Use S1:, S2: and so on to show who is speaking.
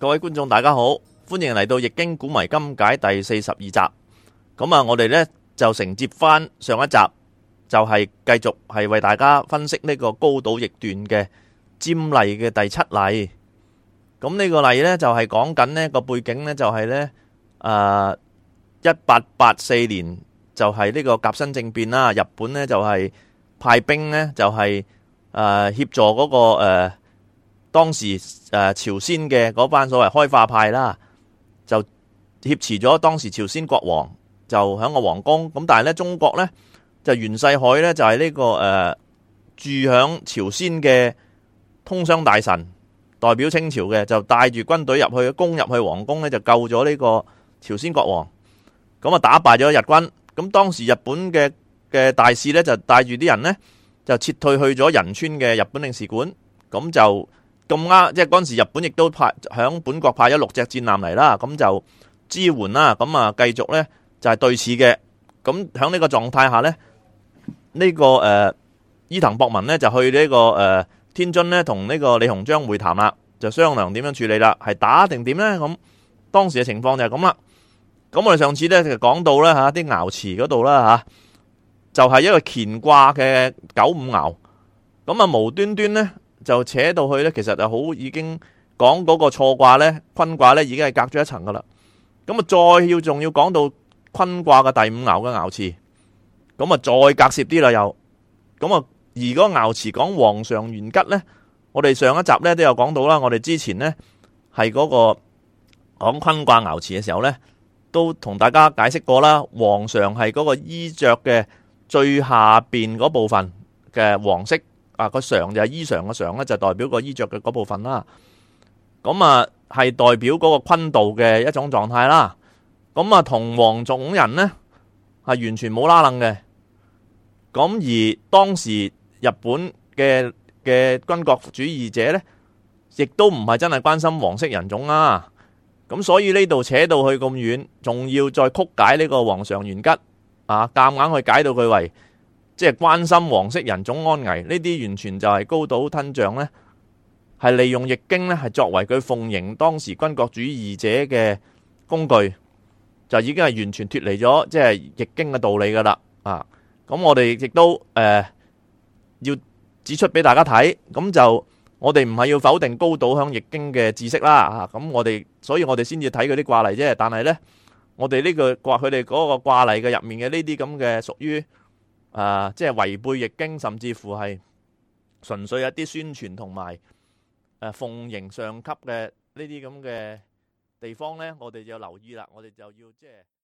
S1: 各位觀眾大家好，歡迎嚟到《易經古謎今解》第四十二集。咁啊，我哋呢就承接返上一集，就係繼續係為大家分析呢個高島易斷嘅占例嘅第七例。咁呢個例呢就係講緊呢個背景呢就係呢啊一八八四年就係呢個甲申政變啦，日本呢就係派兵呢就係啊協助嗰個誒。當時誒朝鮮嘅嗰班所謂開化派啦，就挾持咗當時朝鮮國王，就喺個王宮。咁但係咧，中國呢，就袁世凱呢，就係呢個誒住喺朝鮮嘅通商大臣，代表清朝嘅，就帶住軍隊入去攻入去王宮呢，就救咗呢個朝鮮國王。咁啊，打敗咗日軍。咁當時日本嘅嘅大使呢，就帶住啲人呢，就撤退去咗仁川嘅日本領事館，咁就。咁啱，即係嗰陣時，日本亦都派響本國派咗六隻戰艦嚟啦，咁就支援啦，咁啊繼續咧就係、是、對峙嘅，咁響呢個狀態下咧，呢、這個誒、呃、伊藤博文咧就去呢、這個誒、呃、天津咧同呢個李鴻章會談啦，就商量點樣處理啦，係打定點咧，咁當時嘅情況就係咁啦。咁我哋上次咧就講到咧吓，啲、啊、爻辭嗰度啦吓，就係、是、一個乾卦嘅九五爻，咁啊無端端咧。就扯到去呢，其實就好已經講嗰個錯卦呢，坤卦呢已經係隔咗一層噶啦。咁啊，再要仲要講到坤卦嘅第五爻嘅爻辭，咁啊再隔涉啲啦又。咁啊，如果個爻辭講黃裳元吉呢，我哋上一集呢都有講到啦。我哋之前呢係嗰、嗰個講坤卦爻辭嘅時候呢，都同大家解釋過啦。黃裳係嗰個衣着嘅最下邊嗰部分嘅黃色。啊，個裳就係衣裳個裳咧，就代表個衣着嘅嗰部分啦。咁啊係代表嗰個坤道嘅一種狀態啦。咁啊同黃種人呢，係完全冇拉楞嘅。咁、啊、而當時日本嘅嘅軍國主義者呢，亦都唔係真係關心黃色人種啊。咁所以呢度扯到去咁遠，仲要再曲解呢個黃裳元吉啊，夾硬去解到佢為即係關心黃色人種安危呢啲，完全就係高島吞象呢，係利用易經呢，係作為佢奉迎當時軍國主義者嘅工具，就已經係完全脫離咗即係易經嘅道理㗎喇啊！咁我哋亦都誒要指出俾大家睇，咁就我哋唔係要否定高島向易經嘅知識啦啊！咁我哋，所以我哋先至睇佢啲卦例啫。但係呢，我哋呢個卦佢哋嗰個卦例嘅入面嘅呢啲咁嘅屬於。啊！即係違背《易經》，甚至乎係純粹一啲宣傳同埋誒奉迎上級嘅呢啲咁嘅地方咧，我哋就，就要留意啦。我哋就要即係。